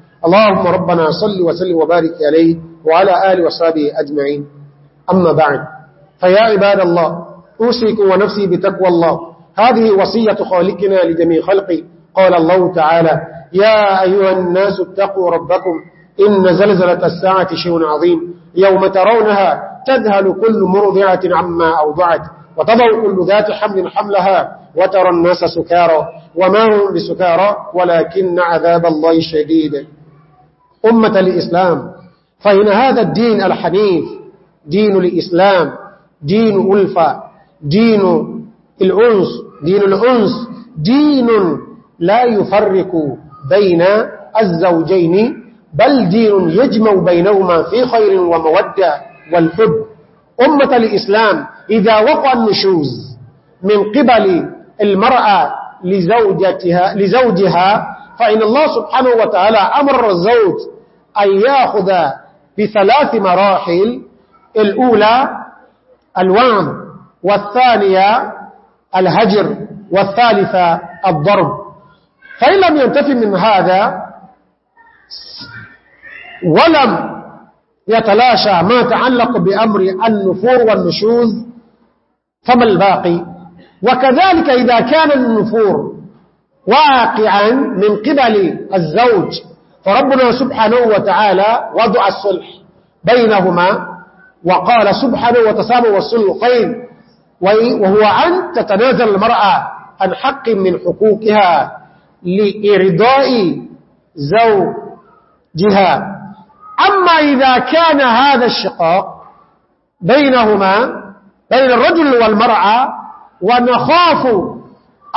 اللهم ربنا صل وسلم وبارك عليه وعلى آل وصحبه أجمعين أما بعد فيا عباد الله أوصيكم ونفسي بتقوى الله هذه وصية خالقنا لجميع خلقه قال الله تعالى يا أيها الناس اتقوا ربكم إن زلزلة الساعة شيء عظيم يوم ترونها تذهل كل مرضعة عما أوضعت وتضع كل ذات حمل حملها وترى الناس سكارا وما هم بسكارا ولكن عذاب الله شديد أمة الإسلام فإن هذا الدين الحنيف دين الإسلام دين ألفة دين الأنس دين الأنس دين لا يفرق بين الزوجين بل دين يجمع بينهما في خير ومودة والحب أمة الإسلام إذا وقع النشوز من قبل المرأة لزوجتها, لزوجها فإن الله سبحانه وتعالى أمر الزوج أن يأخذ بثلاث مراحل الأولى الوعم والثانية الهجر والثالثة الضرب فإن لم ينتفي من هذا ولم يتلاشى ما تعلق بأمر النفور والنشوذ فما الباقي وكذلك إذا كان النفور واقعا من قبل الزوج فربنا سبحانه وتعالى وضع الصلح بينهما وقال سبحانه وتسامه والسلقين وهو أن تتنازل المرأة عن حق من حقوقها لإرضاء زوجها أما إذا كان هذا الشقاق بينهما بين الرجل والمرأة ونخاف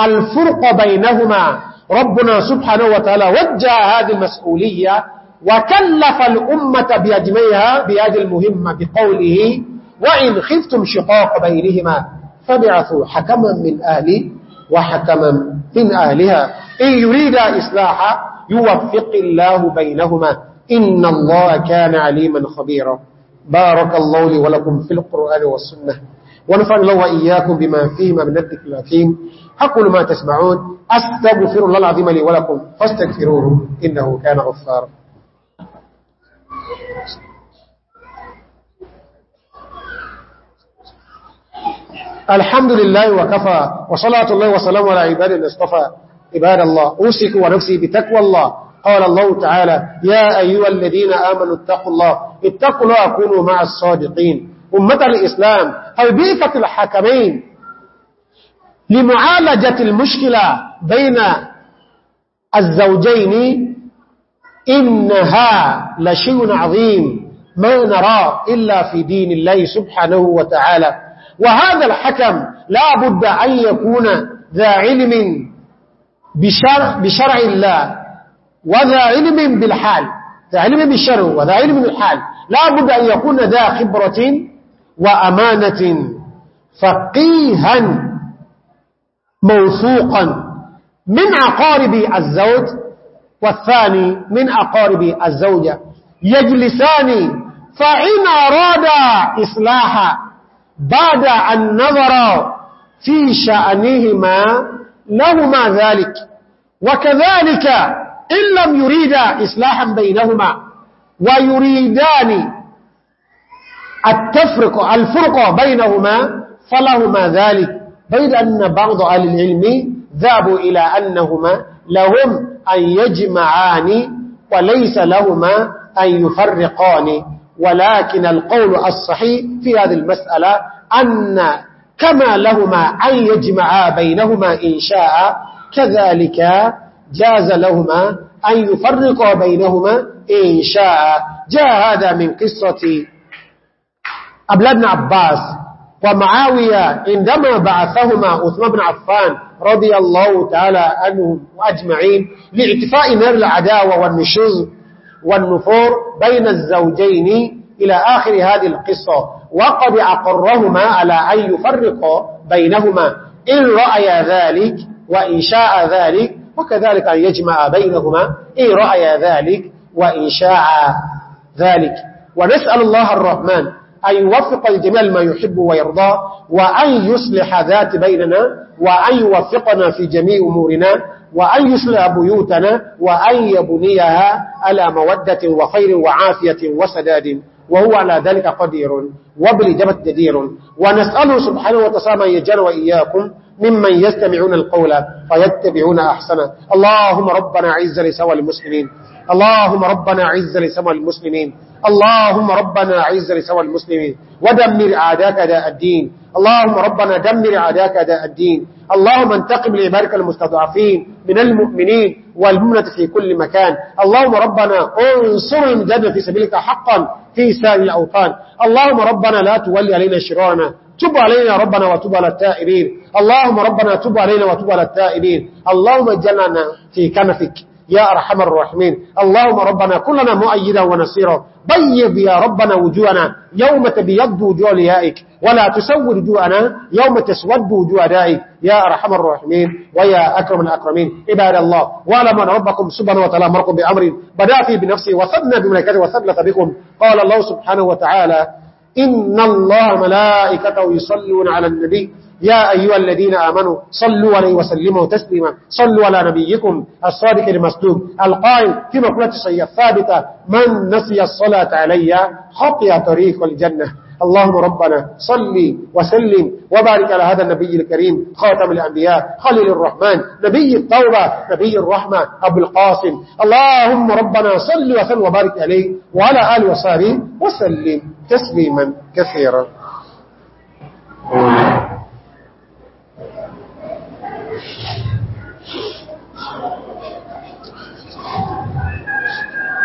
الفرق بينهما ربنا سبحانه وتعالى وجه هذه المسؤولية وكلف الأمة بأجميها بهذه المهمة بقوله وإن خفتم شقاق بينهما فبعثوا حكما من أهلي وحكما من أهلها إن يريد إصلاحا يوفق الله بينهما إن الله كان عليما خبيرا بارك الله لي ولكم في القرآن والسنة ونفعل الله وإياكم بما فيهما من الذكر الأكيم أقول ما تسمعون أستغفر الله العظيم لي ولكم فاستغفروه إنه كان غفارا الحمد لله وكفى وصلاة الله وسلام على عباد الاصطفى عباد الله أوسك ونفسي بتكوى الله قال الله تعالى يا أيها الذين آمنوا اتقوا الله اتقوا الله أكونوا مع الصادقين أمة الإسلام هل بيفة الحكمين لمعالجة المشكلة بين الزوجين إنها لشيء عظيم ما نرى إلا في دين الله سبحانه وتعالى وهذا الحكم لا بد أن يكون ذا علم بشرع, بشرع الله وذا علم بالحال ذا علم بالشرع وذا علم بالحال لا بد أن يكون ذا خبرة وأمانة فقيها موثوقا من أقارب الزوج والثاني من أقارب الزوجة يجلسان فإن أراد إصلاحا بعد النظر في شأنهما لهما ذلك وكذلك إن لم يريد إصلاحا بينهما ويريدان التفرق الفرق بينهما فلهما ذلك بيد أن بعض أهل العلم ذهبوا إلى أنهما لهم أن يجمعان وليس لهما أن يفرقان ولكن القول الصحيح في هذه المسألة أن كما لهما أن يجمعا بينهما إن شاء كذلك جاز لهما أن يفرقا بينهما إن شاء جاء هذا من قصة أبلا بن عباس ومعاوية عندما بعثهما أثمان بن عفان رضي الله تعالى عنهم أجمعين لاعتفاء نار العداوة والنشز والنفور بين الزوجين إلى آخر هذه القصة وقد أقرهما على أن يفرق بينهما إن رأي ذلك وإن شاء ذلك وكذلك أن يجمع بينهما إن رأي ذلك وإن شاء ذلك ونسأل الله الرحمن أن يوفق الجميع ما يحب ويرضى وأن يصلح ذات بيننا وأن يوفقنا في جميع أمورنا وأن يصلح بيوتنا وأن يبنيها على مودة وخير وعافية وسداد وهو على ذلك قدير وبالإجابة جدير ونسأله سبحانه وتعالى أن وإياكم ممن يستمعون القول فيتبعون أحسنه اللهم ربنا عز لسوى المسلمين اللهم ربنا عز لسوى المسلمين اللهم ربنا عز لسوى المسلمين ودمر عاداك أداء الدين اللهم ربنا دمر عاداك أداء الدين اللهم انتقم لعبادك المستضعفين من المؤمنين والمؤمنة في كل مكان اللهم ربنا انصر المجادلة في سبيلك حقا في سائل الأوطان اللهم ربنا لا تولي علينا شرعنا تب علينا ربنا وتب على التائبين اللهم ربنا تب علينا وتب على التائبين اللهم اجلنا في كنفك يا أرحم الراحمين اللهم ربنا كلنا مؤيدا ونصيرا بيض يا ربنا وجوهنا يوم تبيض وجوه ليائك ولا تسود وجوهنا يوم تسود وجوه دائك يا أرحم الراحمين ويا أكرم الأكرمين عباد الله وعلم أن ربكم سبحانه وتعالى أمركم بأمر بدأ فيه بنفسه وثبنا بملكاته وثبلت بكم قال الله سبحانه وتعالى إن الله ملائكته يصلون على النبي يا أيها الذين آمنوا صلوا عليه وسلموا تسليما صلوا على نبيكم الصادق المسلوب القائم في مقولة الشيء الثابتة من نسي الصلاة علي خطي طريق الجنة اللهم ربنا صلي وسلم وبارك على هذا النبي الكريم خاتم الأنبياء خليل الرحمن نبي التوبة نبي الرحمة أبو القاسم اللهم ربنا صلي وسلم وبارك عليه وعلى آله وصحبه وسلم تسليما كثيرا